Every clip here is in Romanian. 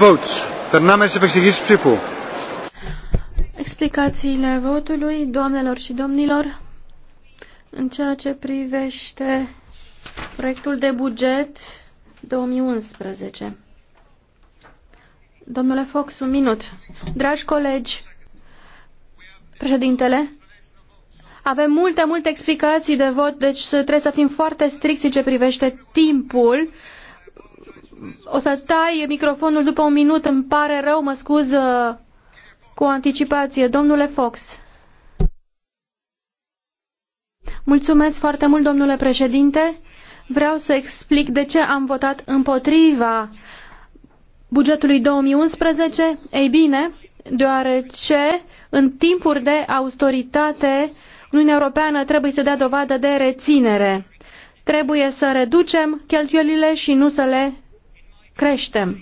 votes. Περνάμε στις επεξηγήσεις ψήφου. Explicațiile votului, doamnelor și domnilor, în ceea ce privește proiectul de buget 2011. Domnule Fox, un minut. Dragi colegi, președintele, avem multe, multe explicații de vot, deci trebuie să fim foarte stricți ce privește timpul o să tai microfonul după un minut, îmi pare rău, mă scuz uh, cu anticipație. Domnule Fox. Mulțumesc foarte mult, domnule președinte. Vreau să explic de ce am votat împotriva bugetului 2011. Ei bine, deoarece în timpuri de austeritate Uniunea Europeană trebuie să dea dovadă de reținere. Trebuie să reducem cheltuielile și nu să le creștem.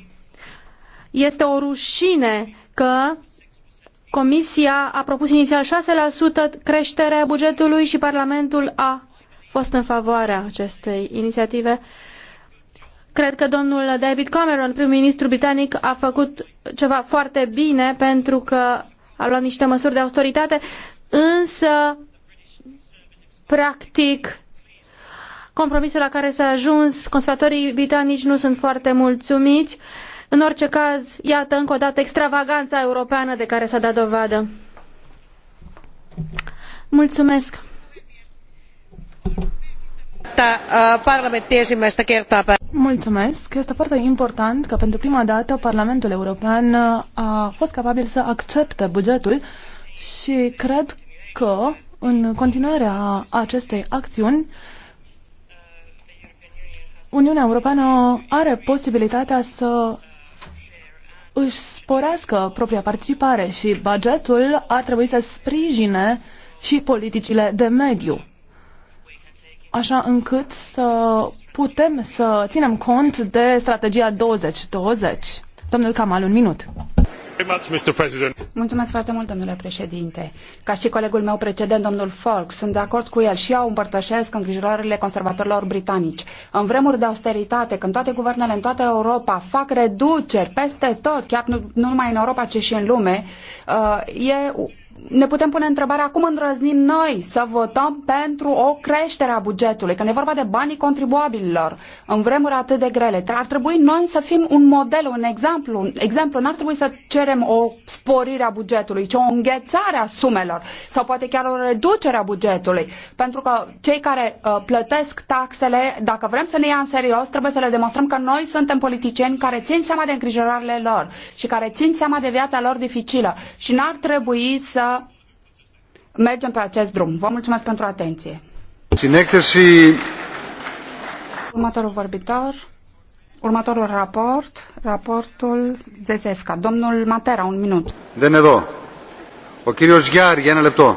Este o rușine că Comisia a propus inițial 6% creșterea bugetului și Parlamentul a fost în favoarea acestei inițiative. Cred că domnul David Cameron, prim-ministru britanic, a făcut ceva foarte bine pentru că a luat niște măsuri de autoritate, însă, practic, compromisul la care s-a ajuns. Conservatorii britanici nu sunt foarte mulțumiți. În orice caz, iată încă o dată extravaganța europeană de care s-a dat dovadă. Mulțumesc. Mulțumesc. Este foarte important că pentru prima dată Parlamentul European uh, a fost capabil să accepte bugetul și cred că în continuarea acestei acțiuni Uniunea Europeană are posibilitatea să își sporească propria participare și bugetul ar trebui să sprijine și politicile de mediu, așa încât să putem să ținem cont de strategia 2020. Domnul Kamal, un minut. Mulțumesc foarte mult, domnule președinte. Ca și colegul meu precedent, domnul Falk, sunt de acord cu el și eu împărtășesc îngrijorările conservatorilor britanici. În vremuri de austeritate, când toate guvernele în toată Europa fac reduceri peste tot, chiar nu, nu numai în Europa, ci și în lume, uh, e ne putem pune întrebarea cum îndrăznim noi să votăm pentru o creștere a bugetului, când e vorba de banii contribuabililor, în vremuri atât de grele. Ar trebui noi să fim un model, un exemplu. Un exemplu, n-ar trebui să cerem o sporire a bugetului, ci o înghețare a sumelor sau poate chiar o reducere a bugetului. Pentru că cei care uh, plătesc taxele, dacă vrem să ne ia în serios, trebuie să le demonstrăm că noi suntem politicieni care țin seama de îngrijorările lor și care țin seama de viața lor dificilă și n-ar trebui să mergem pe acest drum. Vă mulțumesc pentru atenție. Συνέκταση... Următorul vorbitor, următorul raport, raportul Zesesca. Domnul Matera, un minut. De εδώ. O κύριος ghiar, για lepto.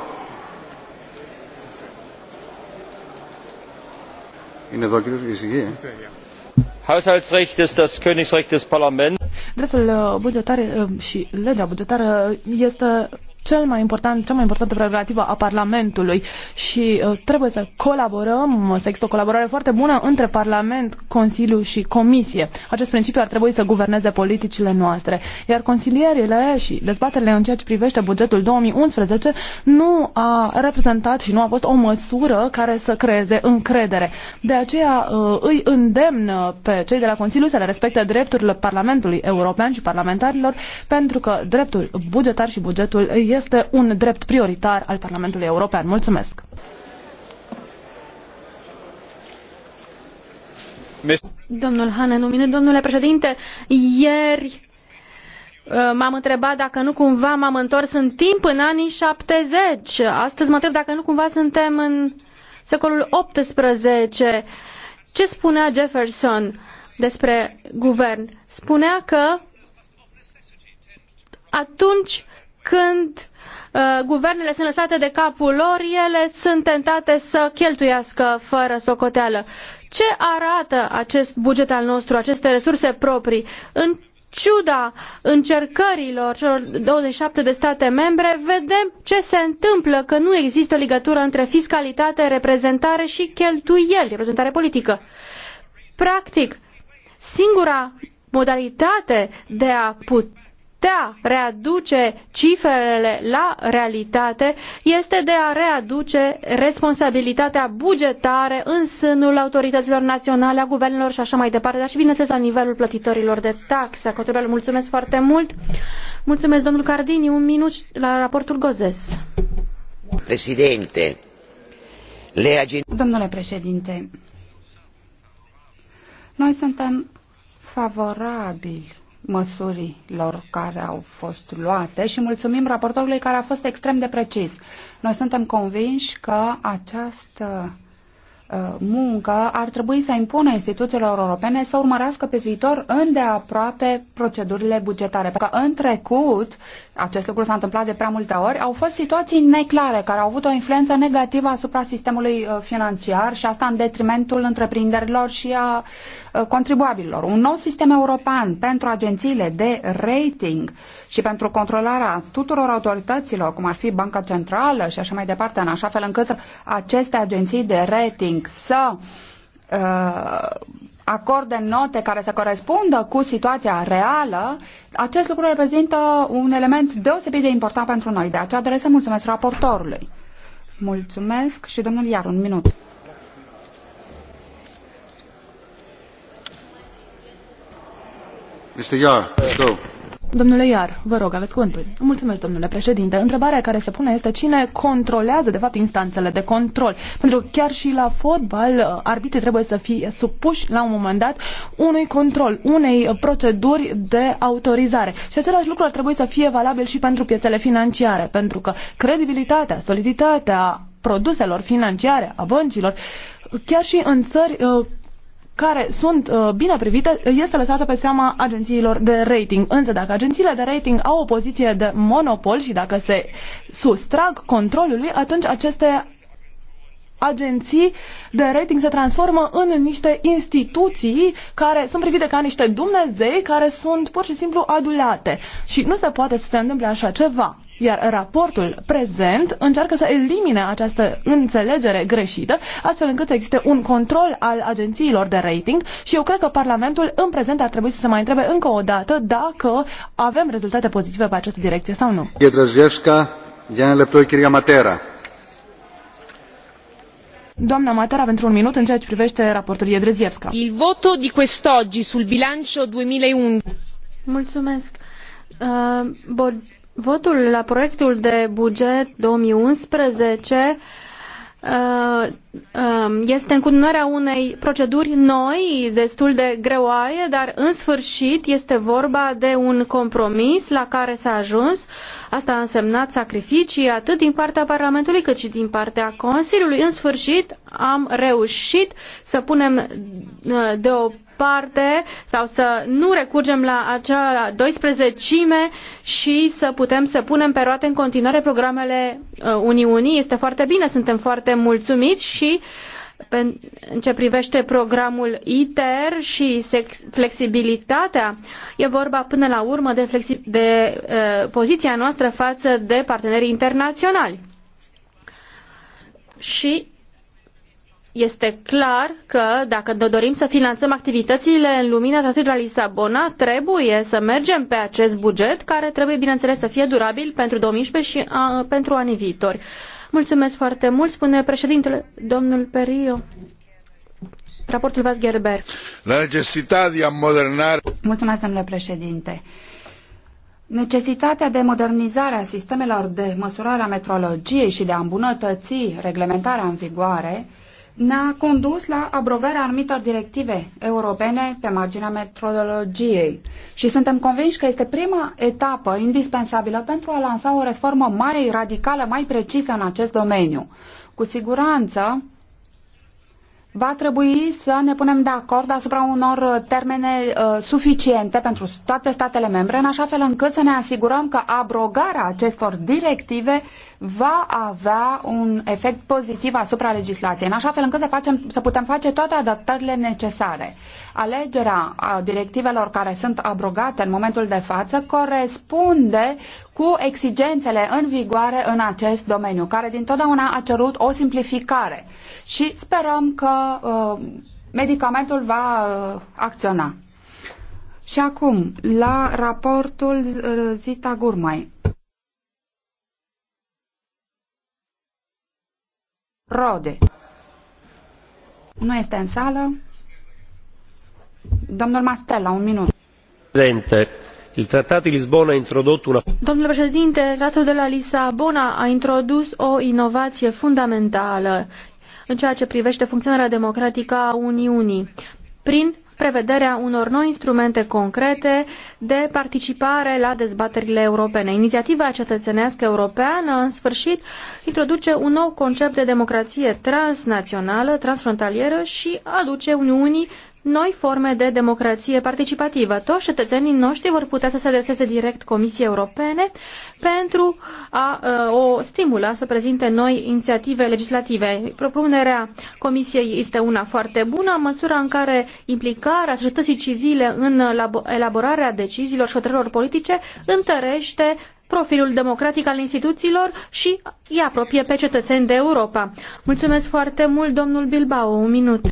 Είναι εδώ κύριος Ισηγή. Haushaltsrecht ist das Königsrecht des Parlaments. Dreptul uh, bugetar uh, și legea bugetară este cel mai important, cea mai importantă prerogativă a Parlamentului și uh, trebuie să colaborăm, să există o colaborare foarte bună între Parlament, Consiliu și Comisie. Acest principiu ar trebui să guverneze politicile noastre. Iar consilierile și dezbaterile în ceea ce privește bugetul 2011 nu a reprezentat și nu a fost o măsură care să creeze încredere. De aceea uh, îi îndemn pe cei de la Consiliu să le respecte drepturile Parlamentului European și parlamentarilor pentru că dreptul bugetar și bugetul este un drept prioritar al Parlamentului European. Mulțumesc! Domnul Hane, numine, domnule președinte, ieri uh, m-am întrebat dacă nu cumva m-am întors în timp în anii 70. Astăzi mă întreb dacă nu cumva suntem în secolul 18. Ce spunea Jefferson despre guvern? Spunea că atunci când uh, guvernele sunt lăsate de capul lor, ele sunt tentate să cheltuiască fără socoteală. Ce arată acest buget al nostru, aceste resurse proprii? În ciuda încercărilor celor 27 de state membre, vedem ce se întâmplă, că nu există o legătură între fiscalitate, reprezentare și cheltuieli, reprezentare politică. Practic, singura modalitate de a putea putea readuce cifrele la realitate este de a readuce responsabilitatea bugetare în sânul autorităților naționale, a guvernelor și așa mai departe, dar și bineînțeles la nivelul plătitorilor de taxe. Cotrobel, mulțumesc foarte mult. Mulțumesc, domnul Cardini. Un minut la raportul Gozes. Președinte, le agen... Domnule președinte, noi suntem favorabili măsurilor care au fost luate și mulțumim raportorului care a fost extrem de precis. Noi suntem convinși că această uh, muncă ar trebui să impună instituțiilor europene să urmărească pe viitor îndeaproape procedurile bugetare. Pentru că în trecut, acest lucru s-a întâmplat de prea multe ori, au fost situații neclare care au avut o influență negativă asupra sistemului uh, financiar și asta în detrimentul întreprinderilor și a Uh, contribuabililor. Un nou sistem european pentru agențiile de rating și pentru controlarea tuturor autorităților, cum ar fi Banca Centrală și așa mai departe, în așa fel încât aceste agenții de rating să uh, acorde note care să corespundă cu situația reală, acest lucru reprezintă un element deosebit de important pentru noi. De aceea doresc să mulțumesc raportorului. Mulțumesc și domnul Iar, un minut. Domnule Iar, vă rog, aveți cuvântul. Mulțumesc, domnule președinte. Întrebarea care se pune este cine controlează, de fapt, instanțele de control. Pentru că chiar și la fotbal, uh, arbitrii trebuie să fie supuși, la un moment dat, unui control, unei uh, proceduri de autorizare. Și același lucru ar trebui să fie valabil și pentru piețele financiare, pentru că credibilitatea, soliditatea produselor financiare, a băncilor, chiar și în țări uh, care sunt uh, bine privite este lăsată pe seama agențiilor de rating. Însă dacă agențiile de rating au o poziție de monopol și dacă se sustrag controlului, atunci aceste agenții de rating se transformă în niște instituții care sunt privite ca niște Dumnezei care sunt pur și simplu adulate. Și nu se poate să se întâmple așa ceva. Iar raportul prezent încearcă să elimine această înțelegere greșită, astfel încât să existe un control al agențiilor de rating și eu cred că Parlamentul în prezent ar trebui să se mai întrebe încă o dată dacă avem rezultate pozitive pe această direcție sau nu. Pietrăzgesca, Diana Leptoi, Chiria Matera. Doamna Matera, pentru un minut, în ceea ce privește raportul Iedrezievska. Il voto di quest'oggi sul bilancio 2001. Mulțumesc. Uh, votul la proiectul de buget 2011 Uh, um, este continuarea unei proceduri noi, destul de greoaie, dar în sfârșit este vorba de un compromis la care s-a ajuns. Asta a însemnat sacrificii atât din partea Parlamentului cât și din partea Consiliului. În sfârșit am reușit să punem uh, deoparte departe sau să nu recurgem la acea 12 și să putem să punem pe roate în continuare programele uh, Uniunii. Este foarte bine, suntem foarte mulțumiți și în ce privește programul ITER și flexibilitatea, e vorba până la urmă de, flexi- de uh, poziția noastră față de partenerii internaționali. Și este clar că dacă ne dorim să finanțăm activitățile în lumina tratatului de la Lisabona, trebuie să mergem pe acest buget care trebuie, bineînțeles, să fie durabil pentru 2011 și a, pentru anii viitori. Mulțumesc foarte mult, spune președintele, domnul Perio. Raportul Vas Gerber. La necesitatea de a modernare... Mulțumesc, domnule președinte. Necesitatea de modernizare a sistemelor de măsurare a metrologiei și de a îmbunătăți reglementarea în vigoare ne-a condus la abrogarea anumitor directive europene pe marginea metodologiei și suntem convinși că este prima etapă indispensabilă pentru a lansa o reformă mai radicală, mai precisă în acest domeniu. Cu siguranță, va trebui să ne punem de acord asupra unor uh, termene uh, suficiente pentru toate statele membre, în așa fel încât să ne asigurăm că abrogarea acestor directive va avea un efect pozitiv asupra legislației, în așa fel încât să, facem, să putem face toate adaptările necesare alegerea directivelor care sunt abrogate în momentul de față corespunde cu exigențele în vigoare în acest domeniu, care dintotdeauna a cerut o simplificare și sperăm că uh, medicamentul va uh, acționa. Și acum, la raportul uh, Zita Gurmai. Rode. Nu este în sală. Mastella, un minut. Domnule președinte, Tratatul de la Lisabona a introdus o inovație fundamentală în ceea ce privește funcționarea democratică a Uniunii, prin prevederea unor noi instrumente concrete de participare la dezbaterile europene. Inițiativa cetățenească europeană, în sfârșit, introduce un nou concept de democrație transnațională, transfrontalieră și aduce Uniunii noi forme de democrație participativă. Toți cetățenii noștri vor putea să se adreseze direct Comisiei Europene pentru a, uh, o stimula să prezinte noi inițiative legislative. Propunerea Comisiei este una foarte bună, în măsura în care implicarea societății civile în elaborarea deciziilor și hotărârilor politice întărește profilul democratic al instituțiilor și îi apropie pe cetățeni de Europa. Mulțumesc foarte mult, domnul Bilbao. Un minut.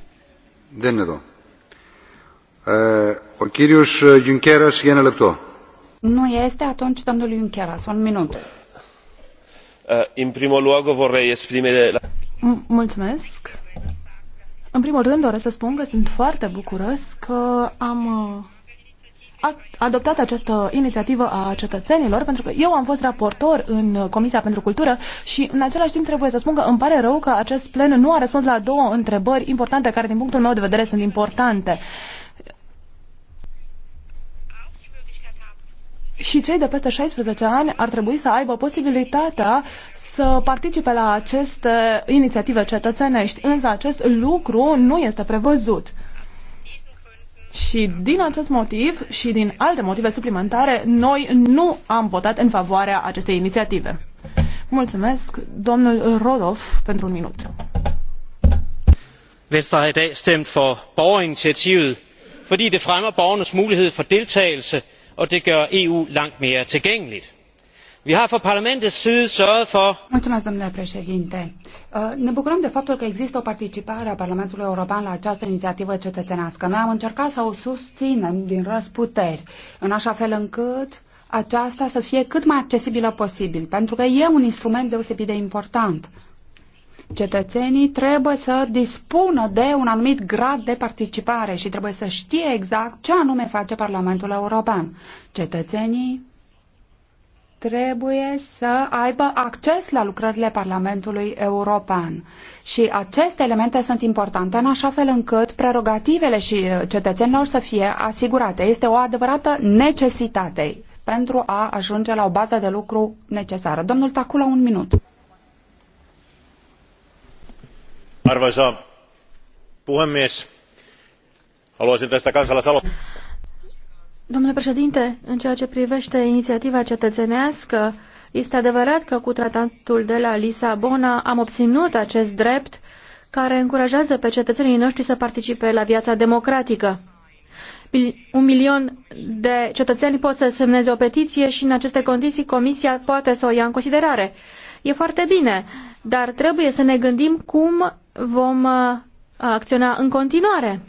De -nă Ο κύριος Γιουνκέρας για Nu este atunci domnul Junkeras. Un minut. În primul loc, vorrei exprimere... Mulțumesc. În primul rând, doresc să spun că sunt foarte bucuros că am uh, adoptat această inițiativă a cetățenilor, pentru că eu am fost raportor în Comisia pentru Cultură și în același timp trebuie să spun că îmi pare rău că acest plen nu a răspuns la două întrebări importante care din punctul meu de vedere sunt importante. Uh, și cei de peste 16 ani ar trebui să aibă posibilitatea să participe la aceste inițiative cetățenești, însă acest lucru nu este prevăzut. Și din acest motiv și din alte motive suplimentare, noi nu am votat în favoarea acestei inițiative. Mulțumesc, domnul Rodov, pentru un minut. Venstre har i dag stemt for borgerinitiativet, fordi det fremmer borgernes mulighed for deltagelse og det gør eu langt mere tilgængeligt. vi har fra parlamentets side sørget for uh, ne bucurăm de faptul că există o participare a Parlamentului European la această inițiativă cetățenească. Noi am încercat să o susținem din răsputeri, în așa fel încât aceasta să fie cât mai accesibilă posibil, pentru că e un instrument deosebit de important. Cetățenii trebuie să dispună de un anumit grad de participare și trebuie să știe exact ce anume face Parlamentul European. Cetățenii trebuie să aibă acces la lucrările Parlamentului European. Și aceste elemente sunt importante în așa fel încât prerogativele și uh, cetățenilor să fie asigurate. Este o adevărată necesitate pentru a ajunge la o bază de lucru necesară. Domnul Tacula, un minut. arvoisa puhemies haluaisin tästä kansalaisaloitteesta. domnule președinte în ceea ce privește inițiativa cetățenească este adevărat că cu tratatul de la lisabona am obținut acest drept care încurajează pe cetățenii noștri să participe la viața democratică. Un milion de cetățeni pot să semneze o petiție și în aceste condiții Comisia poate să o ia în considerare. E foarte bine, dar trebuie să ne gândim cum vom uh, acționa în continuare.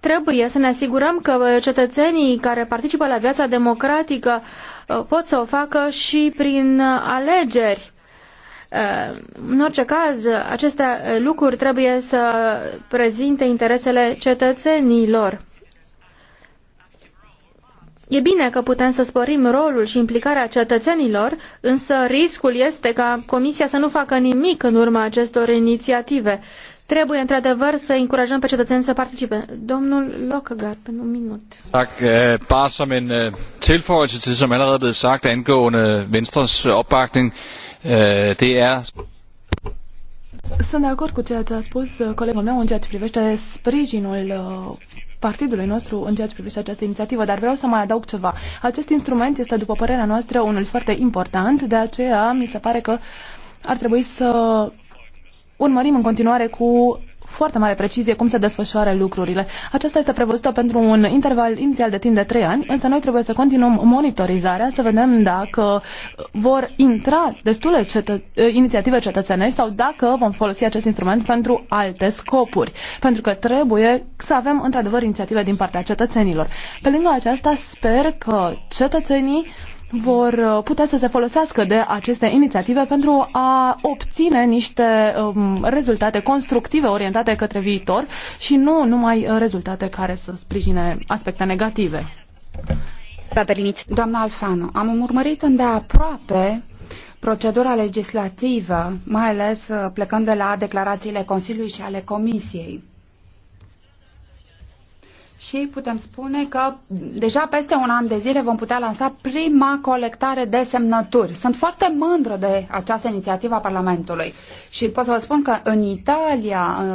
Trebuie să ne asigurăm că cetățenii care participă la viața democratică uh, pot să o facă și prin uh, alegeri. În orice caz, aceste lucruri trebuie să prezinte interesele cetățenilor. E bine că putem să sporim rolul și implicarea cetățenilor, însă riscul este ca Comisia să nu facă nimic în urma acestor inițiative. Trebuie, într-adevăr, să încurajăm pe cetățeni să participe. Domnul Lockegaard, pe un minut. Tak. Eh, bare som en eh, tilføjelse til, som allerede er blev sagt, angående Venstres opbakning, eh, det er... Sunt de acord cu ceea ce a spus colegul meu în ceea ce privește sprijinul partidului nostru în ceea ce privește această inițiativă, dar vreau să mai adaug ceva. Acest instrument este, după părerea noastră, unul foarte important, de aceea mi se pare că ar trebui să urmărim în continuare cu foarte mare precizie cum se desfășoară lucrurile. Aceasta este prevăzută pentru un interval inițial de timp de 3 ani, însă noi trebuie să continuăm monitorizarea, să vedem dacă vor intra destule cetă- eh, inițiative cetățenești sau dacă vom folosi acest instrument pentru alte scopuri. Pentru că trebuie să avem într-adevăr inițiative din partea cetățenilor. Pe lângă aceasta, sper că cetățenii vor uh, putea să se folosească de aceste inițiative pentru a obține niște um, rezultate constructive orientate către viitor și nu numai uh, rezultate care să sprijine aspecte negative. Doamna Alfano, am urmărit îndeaproape procedura legislativă, mai ales uh, plecând de la declarațiile Consiliului și ale Comisiei și putem spune că deja peste un an de zile vom putea lansa prima colectare de semnături. Sunt foarte mândră de această inițiativă a Parlamentului și pot să vă spun că în Italia, uh,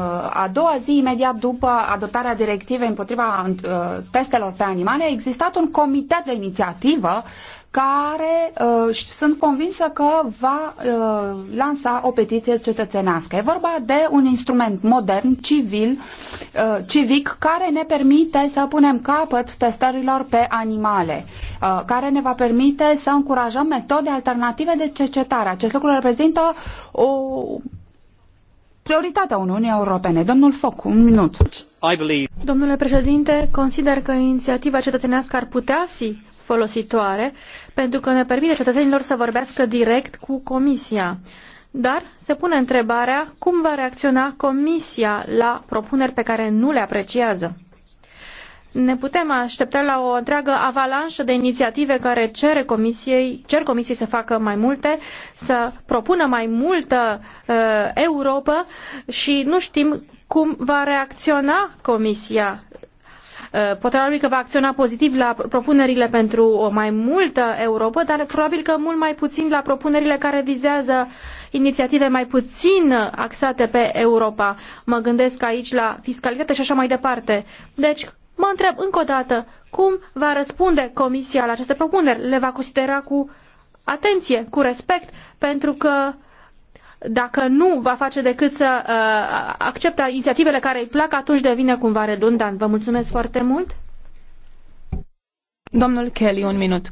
a doua zi imediat după adoptarea directivei împotriva uh, testelor pe animale, a existat un comitet de inițiativă care uh, sunt convinsă că va uh, lansa o petiție cetățenească. E vorba de un instrument modern, civil, uh, civic, care ne permite să punem capăt testărilor pe animale, uh, care ne va permite să încurajăm metode alternative de cercetare. Acest lucru reprezintă o prioritatea Uniunii Europene. Domnul Foc, un minut. Domnule președinte, consider că inițiativa cetățenească ar putea fi folositoare pentru că ne permite cetățenilor să vorbească direct cu Comisia. Dar se pune întrebarea cum va reacționa Comisia la propuneri pe care nu le apreciază. Ne putem aștepta la o întreagă avalanșă de inițiative care cere comisiei, cer comisiei să facă mai multe, să propună mai multă uh, Europa și nu știm cum va reacționa comisia Eh, probabil că va acționa pozitiv la propunerile pentru o mai multă Europa, dar probabil că mult mai puțin la propunerile care vizează inițiative mai puțin axate pe Europa. Mă gândesc aici la fiscalitate și așa mai departe. Deci, mă întreb încă o dată, cum va răspunde Comisia la aceste propuneri? Le va considera cu atenție, cu respect, pentru că dacă nu va face decât să uh, accepte inițiativele care îi plac, atunci devine cumva redundant. Vă mulțumesc foarte mult. Domnul Kelly, un minut.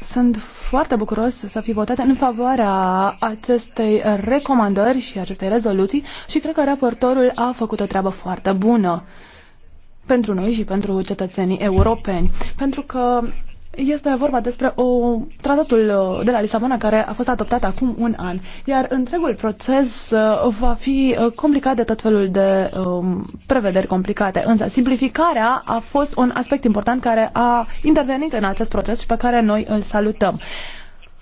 Sunt foarte bucuros să fi votat în favoarea acestei recomandări și acestei rezoluții și cred că raportorul a făcut o treabă foarte bună pentru noi și pentru cetățenii europeni, pentru că este vorba despre o, tratatul uh, de la Lisabona care a fost adoptat acum un an, iar întregul proces uh, va fi uh, complicat de tot felul de um, prevederi complicate. Însă simplificarea a fost un aspect important care a intervenit în acest proces și pe care noi îl salutăm.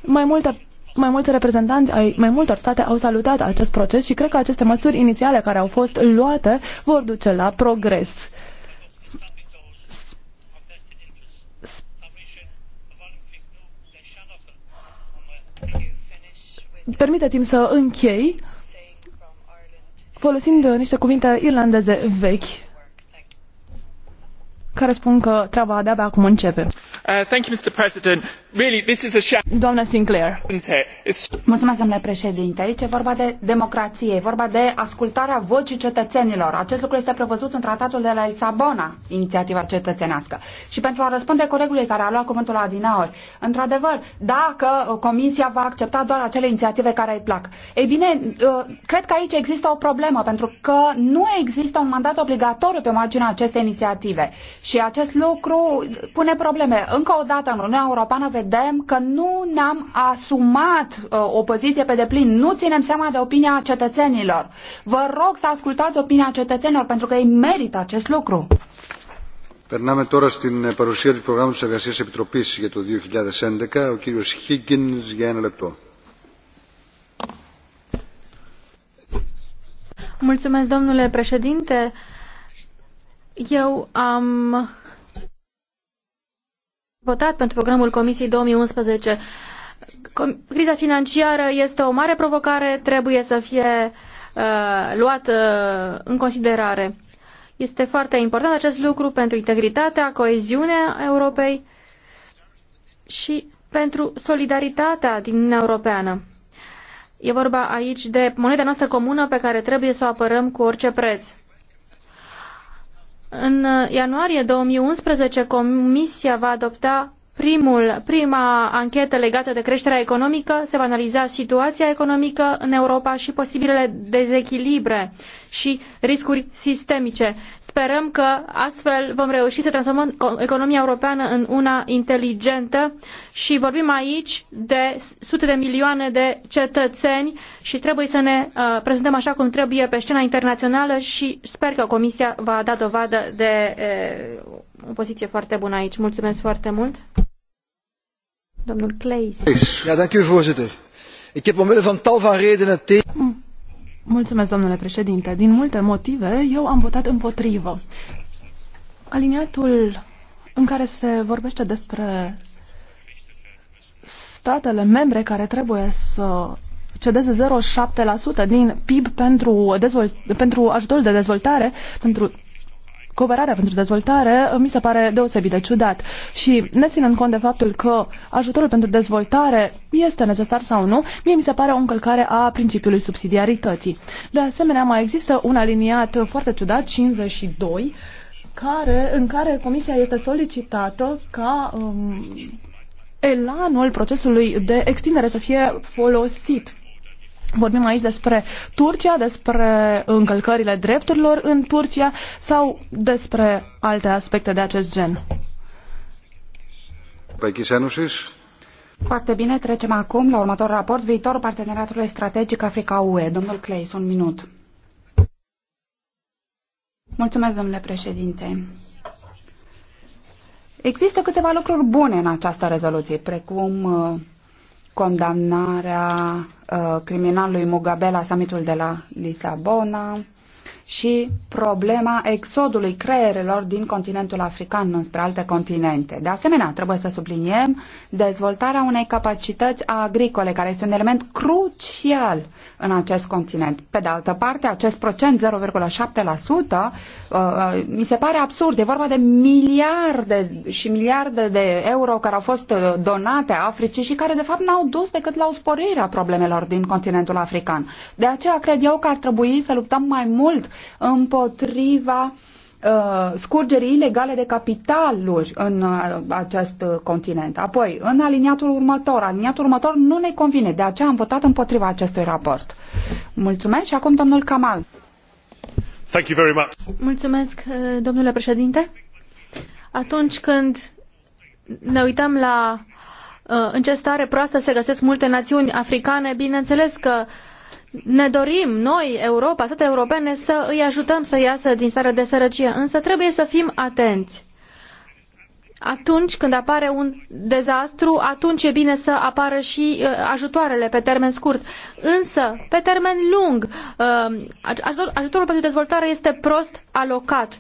Mai multe mai mulți reprezentanți ai mai multor state au salutat acest proces și cred că aceste măsuri inițiale care au fost luate vor duce la progres. permiteți-mi să închei folosind uh, niște cuvinte irlandeze vechi care spun că treaba de-abia acum începe. Uh, Doamna Sinclair. Mulțumesc, domnule președinte. Aici e vorba de democrație, e vorba de ascultarea vocii cetățenilor. Acest lucru este prevăzut în tratatul de la Lisabona, inițiativa cetățenească. Și pentru a răspunde colegului care a luat cuvântul la dinaori, într-adevăr, dacă Comisia va accepta doar acele inițiative care îi plac. Ei bine, uh, cred că aici există o problemă, pentru că nu există un mandat obligatoriu pe marginea acestei inițiative. Și și acest lucru pune probleme. Încă o dată în Uniunea Europeană vedem că nu ne-am asumat uh, o poziție pe deplin, nu ținem seama de opinia cetățenilor. Vă rog să ascultați opinia cetățenilor pentru că ei merită acest lucru. Περνάμε τώρα στην παρουσία του προγράμματος της Εργασίας Επιτροπής για το 2011. Ο κύριος Higgins για ένα λεπτό. Mulțumesc, domnule președinte. Eu am votat pentru programul Comisiei 2011. Criza financiară este o mare provocare, trebuie să fie uh, luată uh, în considerare. Este foarte important acest lucru pentru integritatea, coeziunea Europei și pentru solidaritatea din Uniunea Europeană. E vorba aici de moneda noastră comună pe care trebuie să o apărăm cu orice preț. În uh, ianuarie 2011, Comisia va adopta Primul, prima anchetă legată de creșterea economică se va analiza situația economică în Europa și posibilele dezechilibre și riscuri sistemice. Sperăm că astfel vom reuși să transformăm economia europeană în una inteligentă și vorbim aici de sute de milioane de cetățeni și trebuie să ne uh, prezentăm așa cum trebuie pe scena internațională și sper că Comisia va da dovadă de uh, o poziție foarte bună aici. Mulțumesc foarte mult! Domnul Ja, dank u, voorzitter. Ik heb omwille van tal van redenen tegen... Mulțumesc, domnule președinte. Din multe motive, eu am votat împotrivă. Aliniatul în care se vorbește despre statele membre care trebuie să cedeze 0,7% din PIB pentru, dezvolt- pentru ajutorul de dezvoltare, pentru cooperarea pentru dezvoltare uh, mi se pare deosebit de ciudat. Și ne ținând cont de faptul că ajutorul pentru dezvoltare este necesar sau nu, mie mi se pare o încălcare a principiului subsidiarității. De asemenea, mai există un aliniat foarte ciudat, 52, care, în care Comisia este solicitată ca um, elanul procesului de extindere să fie folosit Vorbim aici despre Turcia, despre încălcările drepturilor în Turcia sau despre alte aspecte de acest gen. Foarte bine, trecem acum la următorul raport, viitorul parteneriatului strategic Africa-UE. Domnul Clays, un minut. Mulțumesc, domnule președinte. Există câteva lucruri bune în această rezoluție, precum uh, condamnarea uh, criminalului Mugabe la summitul de la Lisabona, și problema exodului creierelor din continentul african înspre alte continente. De asemenea, trebuie să subliniem dezvoltarea unei capacități agricole, care este un element crucial în acest continent. Pe de altă parte, acest procent 0,7% uh, mi se pare absurd. E vorba de miliarde și miliarde de euro care au fost uh, donate Africii și care, de fapt, n-au dus decât la o sporire a problemelor din continentul african. De aceea, cred eu că ar trebui să luptăm mai mult împotriva uh, scurgerii ilegale de capitaluri în uh, acest continent. Apoi, în aliniatul următor, aliniatul următor nu ne convine, de aceea am votat împotriva acestui raport. Mulțumesc și acum domnul Kamal. Thank you very much. Mulțumesc, uh, domnule președinte. Atunci când ne uităm la în ce stare proastă se găsesc multe națiuni africane, bineînțeles că uh, ne dorim noi, Europa, statele europene, să îi ajutăm să iasă din starea de sărăcie, însă trebuie să fim atenți. Atunci când apare un dezastru, atunci e bine să apară și uh, ajutoarele pe termen scurt. Însă, pe termen lung, uh, ajutorul pentru dezvoltare este prost alocat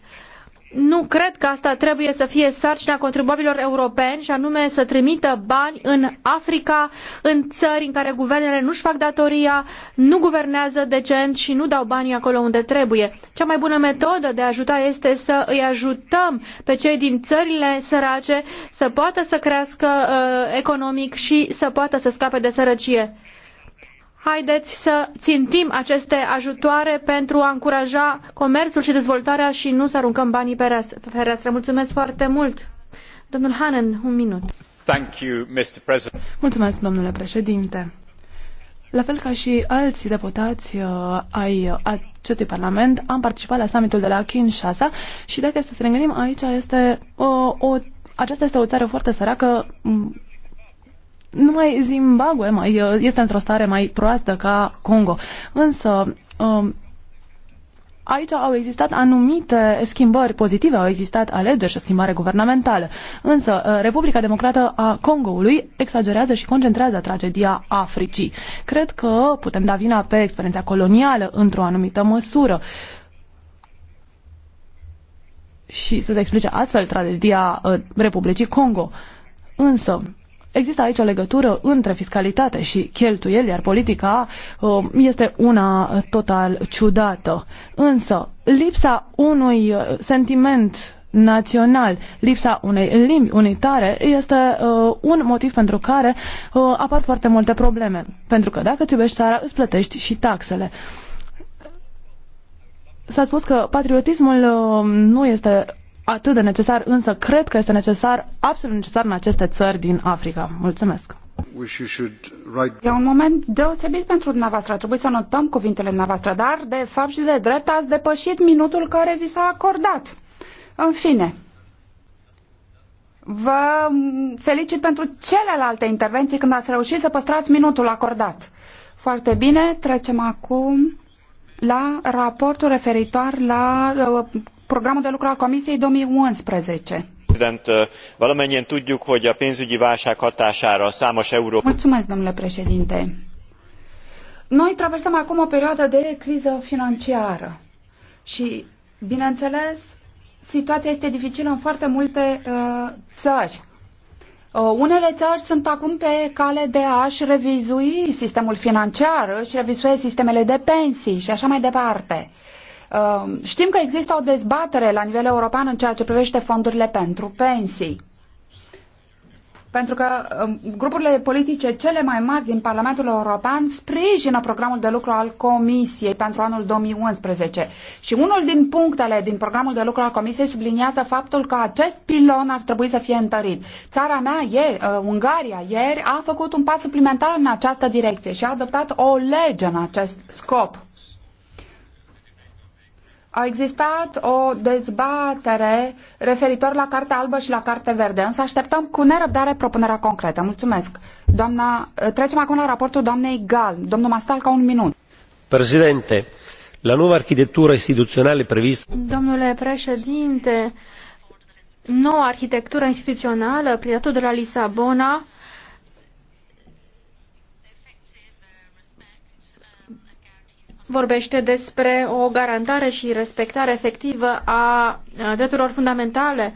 nu cred că asta trebuie să fie sarcina contribuabilor europeni și anume să trimită bani în Africa, în țări în care guvernele nu-și fac datoria, nu guvernează decent și nu dau banii acolo unde trebuie. Cea mai bună metodă de a ajuta este să îi ajutăm pe cei din țările sărace să poată să crească uh, economic și să poată să scape de sărăcie. Haideți să țintim aceste ajutoare pentru a încuraja comerțul și dezvoltarea și nu să aruncăm banii pe fereastră. Mulțumesc foarte mult! Domnul Hanen, un minut. Thank you, Mr. President. Mulțumesc, domnule președinte. La fel ca și alți deputați uh, ai acestui parlament, am participat la summitul de la Kinshasa și dacă este să ne gândim, aici este, uh, o, aceasta este o țară foarte săracă, numai Zimbabwe mai, uh, este într-o stare mai proastă ca Congo. Însă, um, aici au existat anumite schimbări pozitive, au existat alegeri și o schimbare guvernamentală. Însă, uh, Republica Democrată a Congoului exagerează și concentrează tragedia Africii. Cred că putem da vina pe experiența colonială într-o anumită măsură. Și să se explice astfel tragedia uh, Republicii Congo. Însă, Există aici o legătură între fiscalitate și cheltuieli, iar politica um, este una total ciudată. Însă, lipsa unui uh, sentiment național, lipsa unei limbi unitare este uh, un motiv pentru care uh, apar foarte multe probleme. Pentru că dacă îți iubești țara, îți plătești și taxele. S-a spus că patriotismul uh, nu este atât de necesar, însă cred că este necesar, absolut necesar în aceste țări din Africa. Mulțumesc! E un moment deosebit pentru dumneavoastră. Trebuie să notăm cuvintele dumneavoastră, dar de fapt și de drept ați depășit minutul care vi s-a acordat. În fine, vă felicit pentru celelalte intervenții când ați reușit să păstrați minutul acordat. Foarte bine, trecem acum la raportul referitor la uh, programul de lucru al Comisiei 2011. Uh, valamennyien tudjuk, hogy a pénzügyi válság hatására számos Európa... Mulțumesc, domnule președinte. Noi traversăm acum o perioadă de criză financiară și, bineînțeles, situația este dificilă în foarte multe uh, țări. Uh, unele țări sunt acum pe cale de a-și revizui sistemul financiar, își revizuie sistemele de pensii și așa mai departe. Uh, Um, știm că există o dezbatere la nivel european în ceea ce privește fondurile pentru pensii. Pentru că um, grupurile politice cele mai mari din Parlamentul European sprijină programul de lucru al Comisiei pentru anul 2011. Și unul din punctele din programul de lucru al Comisiei subliniază faptul că acest pilon ar trebui să fie întărit. Țara mea, ieri, uh, Ungaria, ieri a făcut un pas suplimentar în această direcție și a adoptat o lege în acest scop a existat o dezbatere referitor la Cartea Albă și la Carte Verde, însă așteptăm cu nerăbdare propunerea concretă. Mulțumesc. Doamna, trecem acum la raportul doamnei Gal. Domnul Mastalca, un minut. Președinte, la noua arhitectură instituțională previstă... Domnule președinte, noua arhitectură instituțională, pliatul de la Lisabona, vorbește despre o garantare și respectare efectivă a drepturilor fundamentale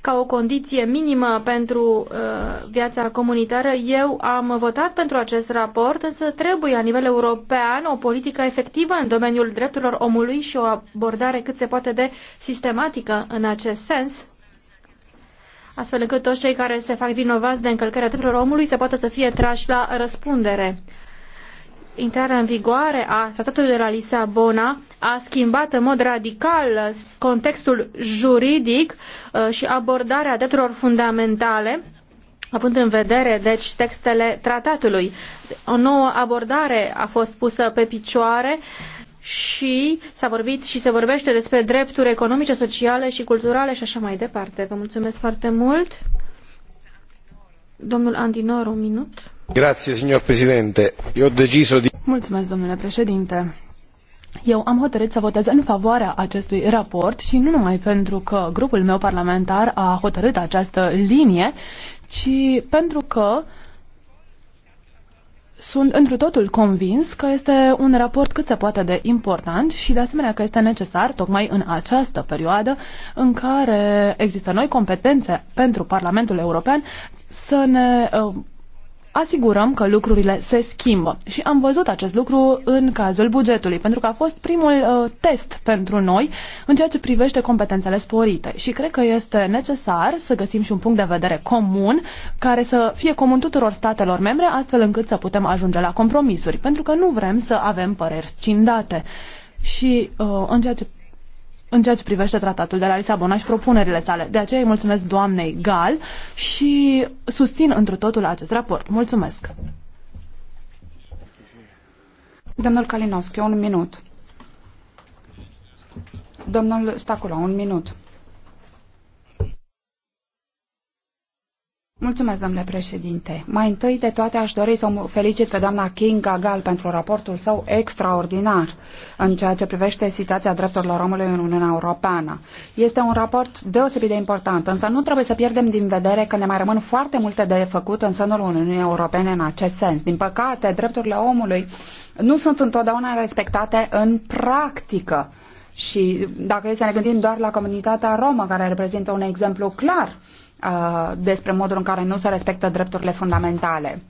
ca o condiție minimă pentru uh, viața comunitară. Eu am votat pentru acest raport, însă trebuie la nivel european o politică efectivă în domeniul drepturilor omului și o abordare cât se poate de sistematică în acest sens astfel încât toți cei care se fac vinovați de încălcarea drepturilor omului să poată să fie trași la răspundere intrarea în vigoare a tratatului de la Lisabona a schimbat în mod radical contextul juridic uh, și abordarea drepturilor fundamentale având în vedere, deci, textele tratatului. O nouă abordare a fost pusă pe picioare și s-a vorbit și se vorbește despre drepturi economice, sociale și culturale și așa mai departe. Vă mulțumesc foarte mult. Domnul Andinor, un minut. Eu Mulțumesc, domnule președinte. Eu am hotărât să votez în favoarea acestui raport și nu numai pentru că grupul meu parlamentar a hotărât această linie, ci pentru că sunt întru totul convins că este un raport cât se poate de important și de asemenea că este necesar tocmai în această perioadă în care există noi competențe pentru Parlamentul European să ne uh, asigurăm că lucrurile se schimbă. Și am văzut acest lucru în cazul bugetului, pentru că a fost primul uh, test pentru noi în ceea ce privește competențele sporite. Și cred că este necesar să găsim și un punct de vedere comun, care să fie comun tuturor statelor membre, astfel încât să putem ajunge la compromisuri, pentru că nu vrem să avem păreri scindate. Și uh, în ceea ce în ceea ce privește tratatul de la Lisabona și propunerile sale. De aceea îi mulțumesc doamnei Gal și susțin întru totul acest raport. Mulțumesc! Domnul Kalinowski, un minut. Domnul Stacula, un minut. Mulțumesc, domnule președinte. Mai întâi de toate aș dori să o felicit pe doamna Kinga Gal pentru raportul său extraordinar în ceea ce privește situația drepturilor omului în Uniunea Europeană. Este un raport deosebit de important, însă nu trebuie să pierdem din vedere că ne mai rămân foarte multe de făcut în sânul Uniunii Europene în acest sens. Din păcate, drepturile omului nu sunt întotdeauna respectate în practică. Și dacă e să ne gândim doar la comunitatea romă, care reprezintă un exemplu clar, Uh, despre modul în care nu se respectă drepturile fundamentale.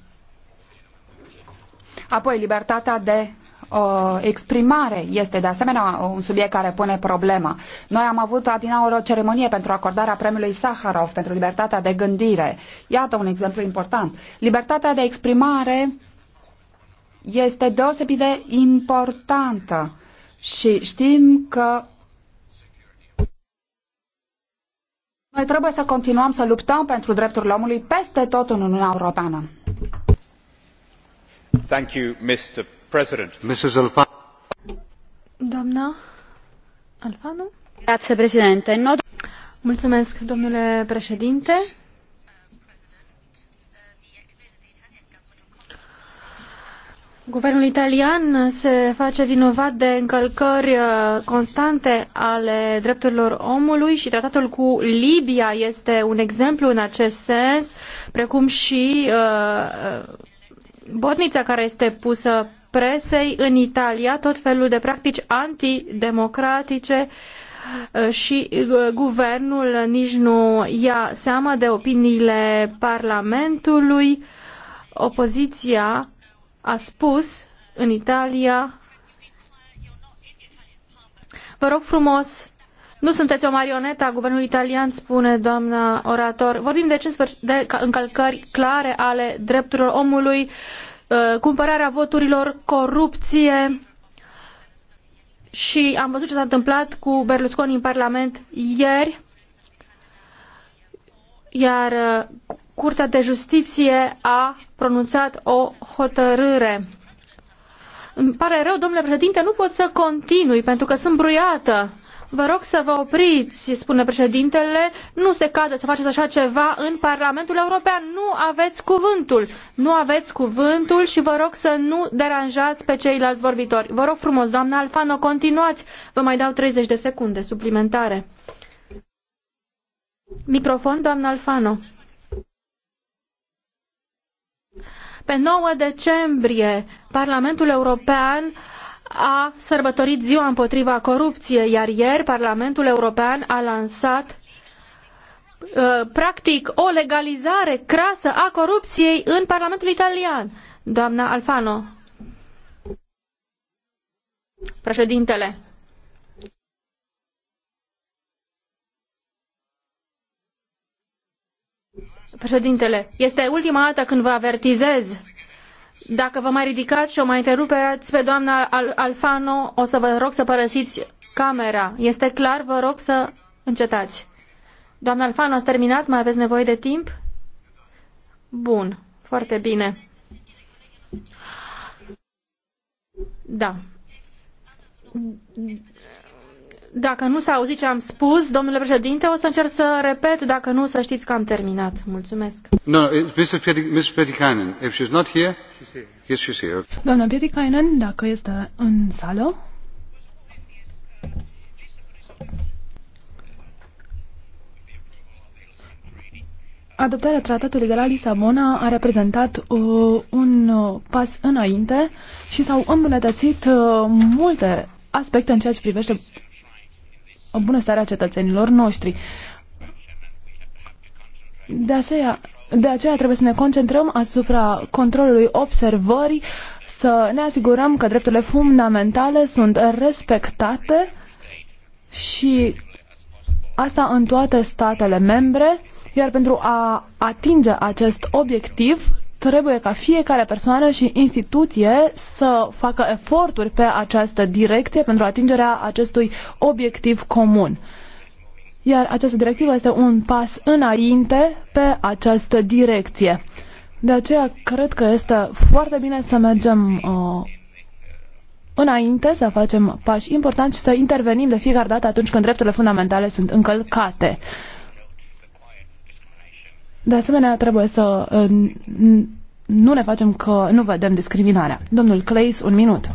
Apoi, libertatea de uh, exprimare este de asemenea un subiect care pune problema. Noi am avut adinaur o ceremonie pentru acordarea premiului Saharov pentru libertatea de gândire. Iată un exemplu important. Libertatea de exprimare este deosebit de importantă și știm că Noi trebuie să continuăm să luptăm pentru drepturile omului peste tot în Uniunea Europeană. Thank you, Mr. President. Mrs. Alfano. Doamna Alfano. Grazie, Presidente. Mulțumesc, domnule președinte. Guvernul italian se face vinovat de încălcări uh, constante ale drepturilor omului și tratatul cu Libia este un exemplu în acest sens, precum și uh, botnița care este pusă presei în Italia, tot felul de practici antidemocratice uh, și uh, guvernul nici nu ia seama de opiniile Parlamentului, opoziția a spus în Italia Vă rog frumos, nu sunteți o marionetă a guvernului italian, spune doamna orator. Vorbim deci de încălcări clare ale drepturilor omului, uh, cumpărarea voturilor, corupție și am văzut ce s-a întâmplat cu Berlusconi în Parlament ieri, iar uh, Curtea de Justiție a pronunțat o hotărâre. Îmi pare rău, domnule președinte, nu pot să continui pentru că sunt bruiată. Vă rog să vă opriți, spune președintele, nu se cade să faceți așa ceva în Parlamentul European. Nu aveți cuvântul. Nu aveți cuvântul și vă rog să nu deranjați pe ceilalți vorbitori. Vă rog frumos, doamna Alfano, continuați. Vă mai dau 30 de secunde suplimentare. Microfon, doamna Alfano. Pe 9 decembrie, Parlamentul European a sărbătorit ziua împotriva corupției, iar ieri Parlamentul European a lansat uh, practic o legalizare crasă a corupției în Parlamentul italian. Doamna Alfano. Președintele, Președintele, este ultima dată când vă avertizez. Dacă vă mai ridicați și o mai întrerupeți pe doamna Alfano, o să vă rog să părăsiți camera. Este clar, vă rog să încetați. Doamna Alfano, ați terminat? Mai aveți nevoie de timp? Bun, foarte bine. Da. Dacă nu s-a auzit ce am spus, domnule președinte, o să încerc să repet, dacă nu, să știți că am terminat. Mulțumesc. No, Mrs. Pietikainen, if she's not here, yes, she's here. Doamna Pietikainen, dacă este în sală. Adoptarea tratatului de la Lisabona a reprezentat uh, un uh, pas înainte și s-au îmbunătățit uh, multe aspecte în ceea ce privește bună bunăstarea cetățenilor noștri. De aceea, de aceea trebuie să ne concentrăm asupra controlului observării, să ne asigurăm că drepturile fundamentale sunt respectate și asta în toate statele membre, iar pentru a atinge acest obiectiv trebuie ca fiecare persoană și instituție să facă eforturi pe această direcție pentru atingerea acestui obiectiv comun. Iar această directivă este un pas înainte pe această direcție. De aceea cred că este foarte bine să mergem uh, înainte, să facem pași importanti și să intervenim de fiecare dată atunci când drepturile fundamentale sunt încălcate. De asemenea, trebuie să uh, nu ne facem că nu vedem discriminarea. Domnul Clays, un minut.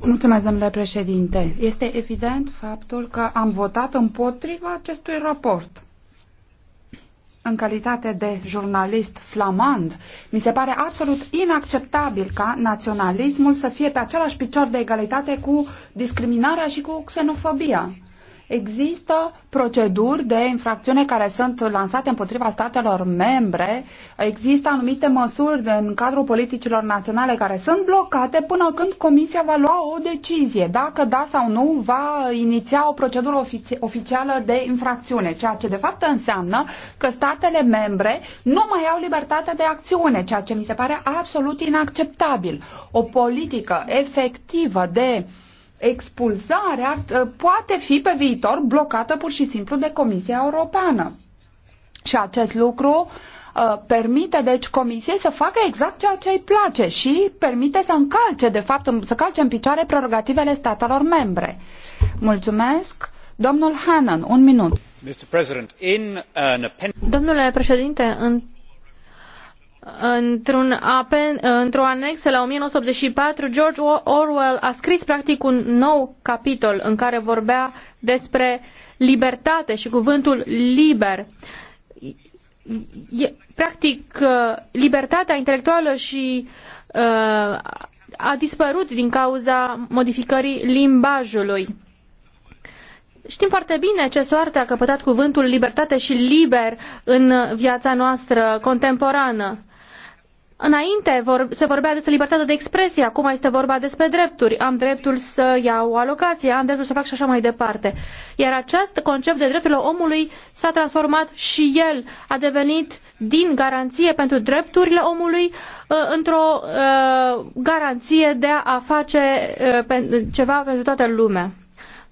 Mulțumesc, domnule președinte. Este evident faptul că am votat împotriva acestui raport. În calitate de jurnalist flamand, mi se pare absolut inacceptabil ca naționalismul să fie pe același picior de egalitate cu discriminarea și cu xenofobia. Există proceduri de infracțiune care sunt lansate împotriva statelor membre, există anumite măsuri în cadrul politicilor naționale care sunt blocate până când Comisia va lua o decizie, dacă da sau nu va iniția o procedură ofici- oficială de infracțiune, ceea ce de fapt înseamnă că statele membre nu mai au libertatea de acțiune, ceea ce mi se pare absolut inacceptabil. O politică efectivă de uh, expulzarea uh, poate fi pe viitor blocată pur și simplu de Comisia Europeană. Și acest lucru uh, permite, deci, Comisiei să facă exact ceea ce îi place și permite să încalce, de fapt, să calce în picioare prerogativele statelor membre. Mulțumesc. Domnul Hannan, un minut. Domnule președinte, în Într-un apen, într-o anexă la 1984, George Orwell a scris practic un nou capitol în care vorbea despre libertate și cuvântul liber. E, practic, uh, libertatea intelectuală și uh, a dispărut din cauza modificării limbajului. Știm foarte bine ce soartă a căpătat cuvântul libertate și liber în viața noastră contemporană. Înainte vor, se vorbea despre libertatea de expresie, acum este vorba despre drepturi. Am dreptul să iau o alocație, am dreptul să fac și așa mai departe. Iar acest concept de drepturile omului s-a transformat și el, a devenit din garanție pentru drepturile omului uh, într-o uh, garanție de a face uh, ceva pentru toată lumea.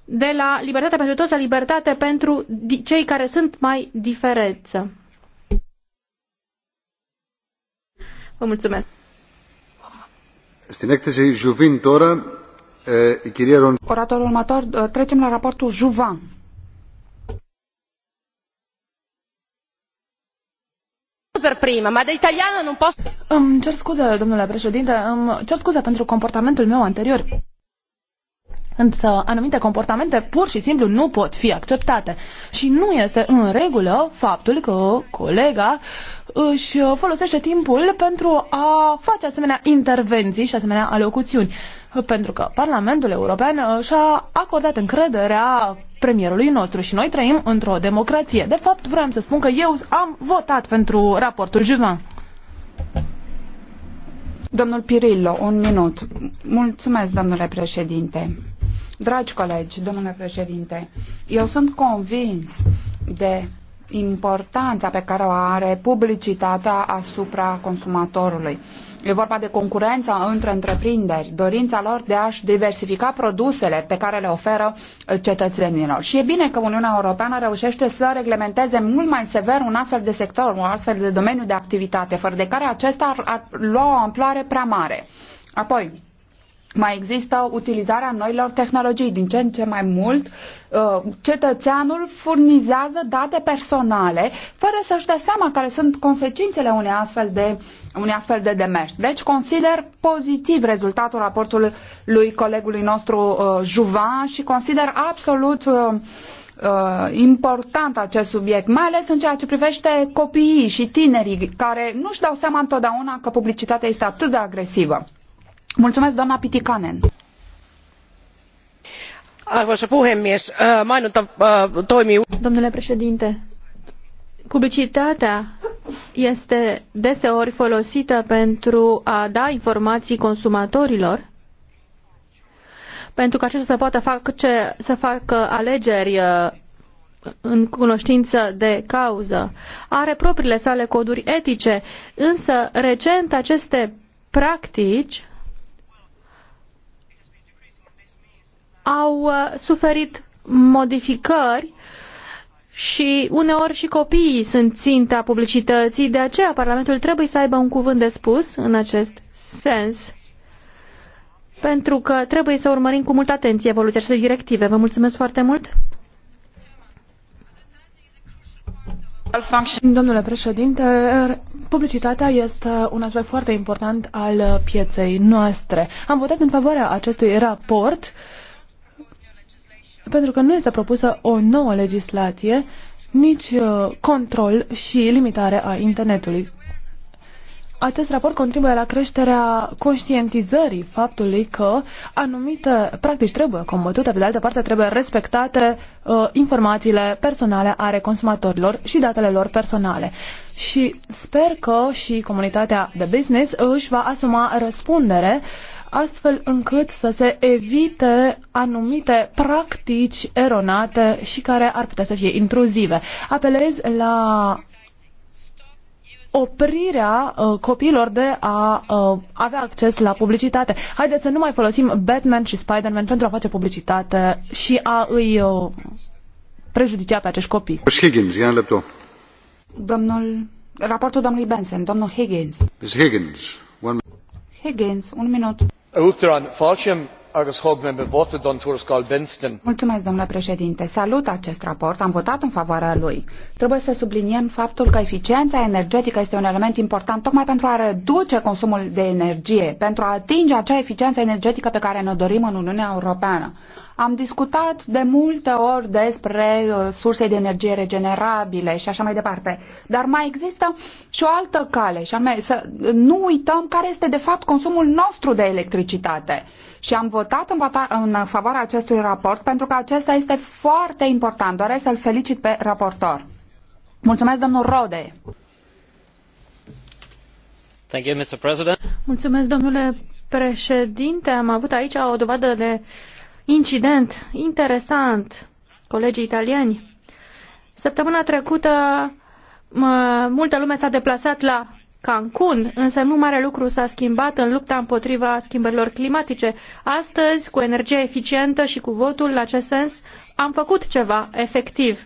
De la libertatea pentru toți la libertate pentru cei care sunt mai diferență. Vă mulțumesc. Στην έκθεση Ζουβίν τώρα, Oratorul următor, trecem la raportul Juvan. per prima, ma de italiana nu posso... Îmi cer scuze, domnule președinte, îmi cer scuze pentru comportamentul meu anterior. Însă anumite comportamente pur și simplu nu pot fi acceptate. Și nu este în regulă faptul că colega își folosește timpul pentru a face asemenea intervenții și asemenea alocuțiuni. Pentru că Parlamentul European și-a acordat încrederea premierului nostru și noi trăim într-o democrație. De fapt, vreau să spun că eu am votat pentru raportul Juvan, Domnul Pirillo, un minut. Mulțumesc, domnule președinte. Dragi colegi, domnule președinte, eu sunt convins de importanța pe care o are publicitatea asupra consumatorului. E vorba de concurența între întreprinderi, dorința lor de a-și diversifica produsele pe care le oferă cetățenilor. Și e bine că Uniunea Europeană reușește să reglementeze mult mai sever un astfel de sector, un astfel de domeniu de activitate, fără de care acesta ar, ar lua o amploare prea mare. Apoi, mai există utilizarea noilor tehnologii. Din ce în ce mai mult, uh, cetățeanul furnizează date personale fără să-și dea seama care sunt consecințele unei astfel de, unei astfel de demers. Deci consider pozitiv rezultatul raportului lui colegului nostru uh, Juvan și consider absolut uh, important acest subiect, mai ales în ceea ce privește copiii și tinerii care nu-și dau seama întotdeauna că publicitatea este atât de agresivă. Mulțumesc, Pitikanen. Arvoisa puhemies, mainonta toimii... Domnule președinte, publicitatea este deseori folosită pentru a da informații consumatorilor pentru că aceștia să poată face, să facă alegeri ă, în cunoștință de cauză. Are propriile sale coduri etice, însă recent aceste practici au uh, suferit modificări și uneori și copiii sunt ținta publicității, de aceea Parlamentul trebuie să aibă un cuvânt de spus în acest sens. Pentru că trebuie să urmărim cu multă atenție evoluția acestei directive. Vă mulțumesc foarte mult! Domnule președinte, publicitatea este un aspect foarte important al pieței noastre. Am votat în favoarea acestui raport uh, pentru că nu este propusă o nouă legislație, nici uh, control și limitare a internetului. Acest raport contribuie la creșterea conștientizării faptului că anumite practici trebuie combătute, pe de altă parte trebuie respectate uh, informațiile personale ale consumatorilor și datele lor personale. Și sper că și comunitatea de business își va asuma răspundere uh, astfel încât să se evite anumite practici eronate și care ar putea să fie intruzive. Apelez la oprirea uh, copiilor de a uh, avea acces la publicitate. Haideți să nu mai folosim Batman și Spider-Man pentru a face publicitate și a îi uh, prejudicia pe acești copii. Higgins, ia lepto. Domnul, raportul domnului Benson, domnul Higgins. Higgins, one... Higgins, un minut domnule președinte. salut acest raport am votat în favoarea lui. trebuie să subliniem faptul că eficiența energetică este un element important tocmai pentru a reduce consumul de energie pentru a atinge acea eficiență energetică pe care ne o dorim în uniunea europeană. Am discutat de multe ori despre uh, surse de energie regenerabile și așa mai departe. Dar mai există și o altă cale, și anume să nu uităm care este de fapt consumul nostru de electricitate. Și am votat în, în favoarea acestui raport pentru că acesta este foarte important. Doresc să-l felicit pe raportor. Mulțumesc, domnul Rode. Thank you, Mr. President. Mulțumesc, domnule președinte. Am avut aici o dovadă de incident interesant, colegii italieni. Săptămâna trecută multă lume s-a deplasat la Cancun, însă nu mare lucru s-a schimbat în lupta împotriva schimbărilor climatice. Astăzi, cu energie eficientă și cu votul în acest sens, am făcut ceva efectiv.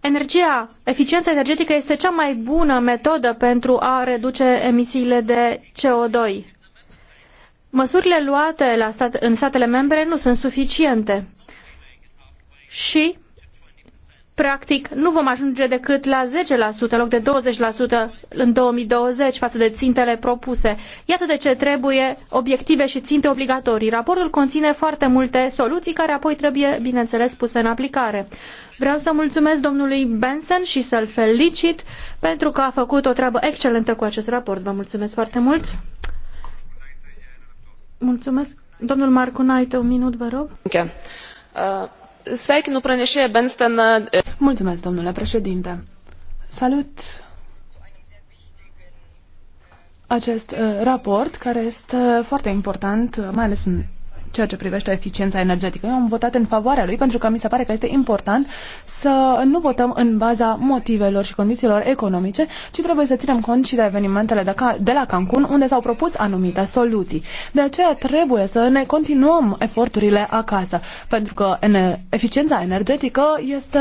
Energia, eficiența energetică este cea mai bună metodă pentru a reduce emisiile de CO2. Măsurile luate la stat, în statele membre nu sunt suficiente și, practic, nu vom ajunge decât la 10% în loc de 20% în 2020 față de țintele propuse. Iată de ce trebuie obiective și ținte obligatorii. Raportul conține foarte multe soluții care apoi trebuie, bineînțeles, puse în aplicare. Vreau să mulțumesc domnului Benson și să-l felicit pentru că a făcut o treabă excelentă cu acest raport. Vă mulțumesc foarte mult! Mulțumesc. Domnul minut, vă rog. Uh, Sveikinu pranešėją Bensteną. Uh, Mulțumesc, domnule președinte. Salut acest uh, raport care este foarte important, mai ales în ceea ce privește eficiența energetică. Eu am votat în favoarea lui pentru că mi se pare că este important să nu votăm în baza motivelor și condițiilor economice, ci trebuie să ținem cont și de evenimentele de, ca, de la Cancun, unde s-au propus anumite soluții. De aceea trebuie să ne continuăm eforturile acasă, pentru că eficiența energetică este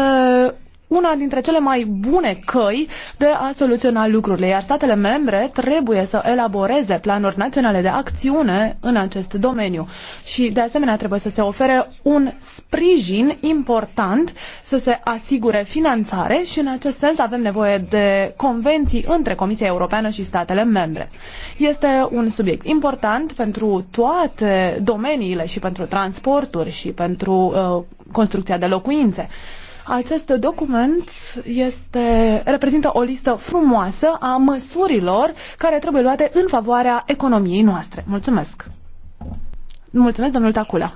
una dintre cele mai bune căi de a soluționa lucrurile, iar statele membre trebuie să elaboreze planuri naționale de acțiune în acest domeniu. Și, de asemenea, trebuie să se ofere un sprijin important, să se asigure finanțare și, în acest sens, avem nevoie de convenții între Comisia Europeană și statele membre. Este un subiect important pentru toate domeniile și pentru transporturi și pentru uh, construcția de locuințe. Acest document este, reprezintă o listă frumoasă a măsurilor care trebuie luate în favoarea economiei noastre. Mulțumesc! Mulțumesc, domnul Tacula!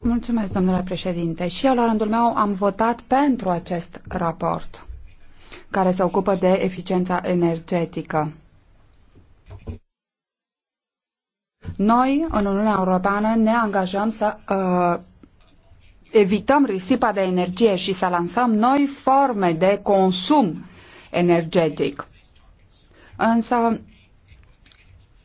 Mulțumesc, domnule președinte! Și eu, la rândul meu, am votat pentru acest raport care se ocupă de eficiența energetică. Noi, în Uniunea Europeană, ne angajăm să uh, evităm risipa de energie și să lansăm noi forme de consum energetic. Însă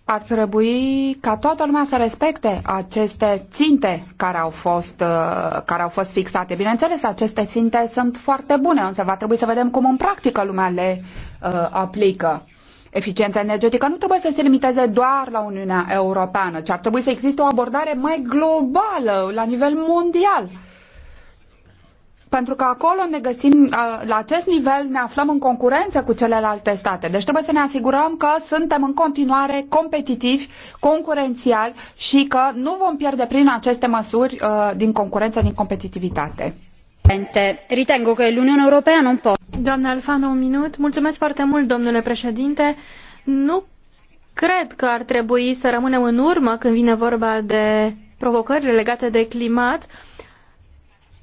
ar trebui ca toată lumea să respecte aceste ținte care au fost, uh, care au fost fixate. Bineînțeles, aceste ținte sunt foarte bune, însă va trebui să vedem cum în practică lumea le uh, aplică eficiența energetică nu trebuie să se limiteze doar la Uniunea Europeană, ci ar trebui să existe o abordare mai globală, la nivel mondial. Pentru că acolo ne găsim, uh, la acest nivel ne aflăm în concurență cu celelalte state. Deci trebuie să ne asigurăm că suntem în continuare competitivi, concurențiali și că nu vom pierde prin aceste măsuri uh, din concurență, din competitivitate. Ritengo că nu Doamna Alfano, un minut. Mulțumesc foarte mult, domnule președinte. Nu cred că ar trebui să rămânem în urmă când vine vorba de provocările legate de climat.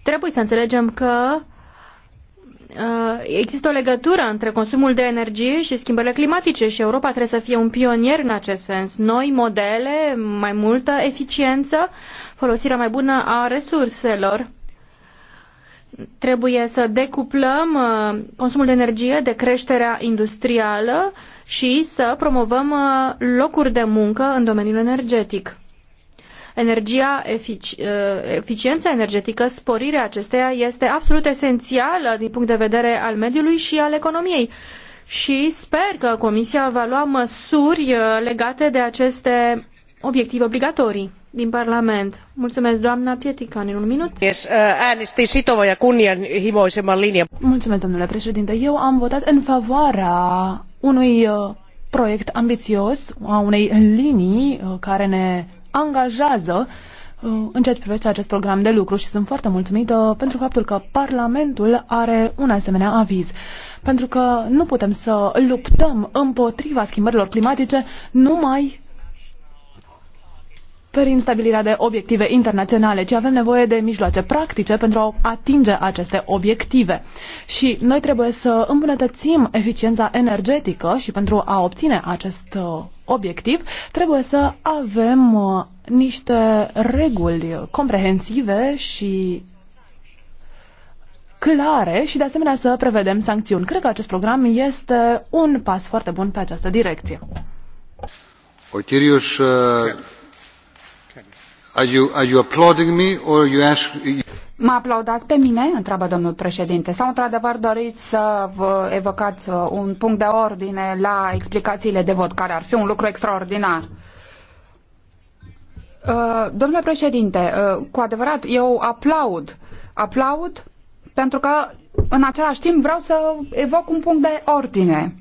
Trebuie să înțelegem că uh, există o legătură între consumul de energie și schimbările climatice și Europa trebuie să fie un pionier în acest sens. Noi modele, mai multă eficiență, folosirea mai bună a resurselor. Trebuie să decuplăm uh, consumul de energie de creșterea industrială și să promovăm uh, locuri de muncă în domeniul energetic. Energia, efici, uh, eficiența energetică, sporirea acesteia este absolut esențială din punct de vedere al mediului și al economiei și sper că Comisia va lua măsuri legate de aceste obiective obligatorii din Parlament. Mulțumesc, doamna Pietican, în un minut. Yes, uh, äänestin sitova ja kunnianhimoisemman linjan. Mulțumesc, domnule președinte. Eu am votat în favoarea unui uh, proiect ambițios, a unei linii uh, care ne angajează în ceea ce privește acest program de lucru și sunt foarte mulțumită pentru faptul că Parlamentul are un asemenea aviz. Pentru că nu putem să luptăm împotriva schimbărilor climatice numai oferim stabilirea de obiective internaționale, ci avem nevoie de mijloace practice pentru a atinge aceste obiective. Și noi trebuie să îmbunătățim eficiența energetică și pentru a obține acest uh, obiectiv trebuie să avem uh, niște reguli comprehensive și clare și de asemenea să prevedem sancțiuni. Cred că acest program este un pas foarte bun pe această direcție. O uh, Mă aplaudați pe mine? întreabă domnul președinte. Sau într-adevăr doriți să vă evocați uh, un punct de ordine la explicațiile de vot, care ar fi un lucru extraordinar? Uh, domnule președinte, uh, cu adevărat, eu aplaud. Aplaud pentru că în același timp vreau să evoc un punct de ordine.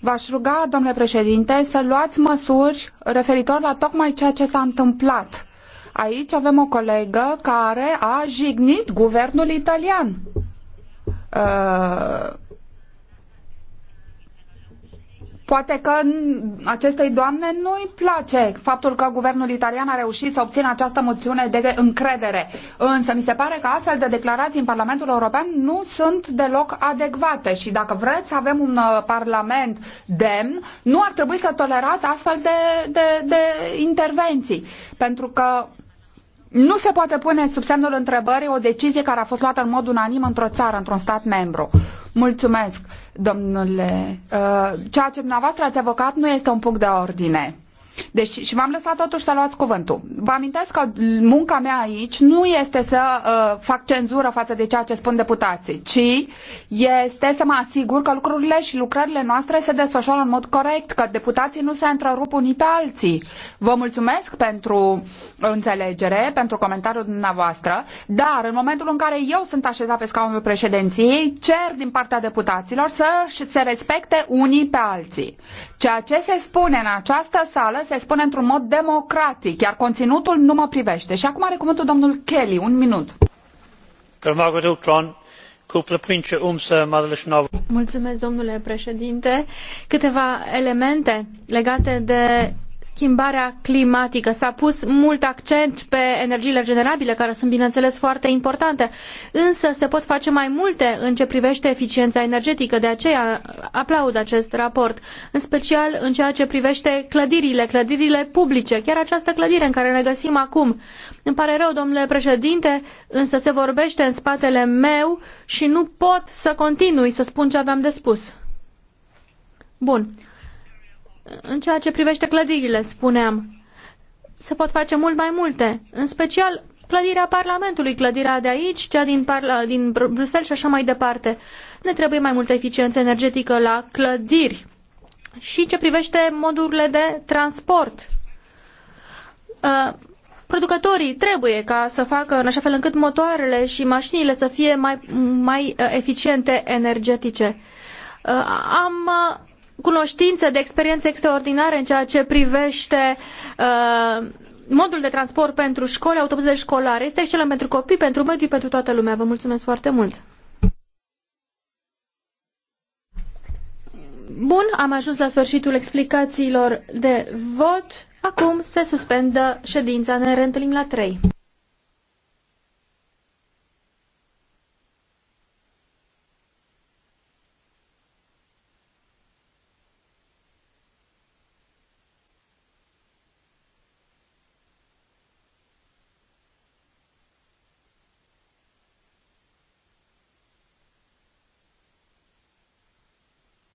V-aș ruga, domnule președinte, să luați măsuri referitor la tocmai ceea ce s-a întâmplat Aici avem o colegă care a jignit guvernul italian. Uh, Poate că acestei doamne nu îi place faptul că guvernul italian a reușit să obțină această moțiune de încredere. Însă mi se pare că astfel de declarații în Parlamentul European nu sunt deloc adecvate și dacă vreți să avem un uh, parlament demn, nu ar trebui să tolerați astfel de, de, de intervenții. Pentru că nu se poate pune sub semnul întrebării o decizie care a fost luată în mod unanim într-o țară, într-un stat membru. Mulțumesc, domnule. Uh, ceea ce dumneavoastră ați evocat nu este un punct de ordine. Deci, și v-am lăsat totuși să luați cuvântul. Vă amintesc că munca mea aici nu este să uh, fac cenzură față de ceea ce spun deputații, ci este să mă asigur că lucrurile și lucrările noastre se desfășoară în mod corect, că deputații nu se întrerup unii pe alții. Vă mulțumesc pentru înțelegere, pentru comentariul dumneavoastră, dar în momentul în care eu sunt așezat pe scaunul președinției, cer din partea deputaților să se respecte unii pe alții. Ceea ce se spune în această sală se spune într-un mod democratic, iar conținutul nu mă privește. Și acum are cuvântul domnul Kelly. Un minut. Mulțumesc, domnule președinte. Câteva elemente legate de schimbarea climatică. S-a pus mult accent pe energiile regenerabile, care sunt, bineînțeles, foarte importante, însă se pot face mai multe în ce privește eficiența energetică, de aceea aplaud acest raport, în special în ceea ce privește clădirile, clădirile publice, chiar această clădire în care ne găsim acum. Îmi pare rău, domnule președinte, însă se vorbește în spatele meu și nu pot să continui să spun ce aveam de spus. Bun. În ceea ce privește clădirile, spuneam, se pot face mult mai multe, în special clădirea Parlamentului, clădirea de aici, cea din, Parla, din Bruxelles și așa mai departe. Ne trebuie mai multă eficiență energetică la clădiri. Și ce privește modurile de transport. Uh, producătorii trebuie ca să facă în așa fel încât motoarele și mașinile să fie mai, mai uh, eficiente energetice. Uh, am uh, cunoștințe, de experiențe extraordinare în ceea ce privește uh, modul de transport pentru școli, autobuzele școlare. Este excelent pentru copii, pentru mediu, pentru toată lumea. Vă mulțumesc foarte mult! Bun, am ajuns la sfârșitul explicațiilor de vot. Acum se suspendă ședința. Ne reîntâlnim la 3.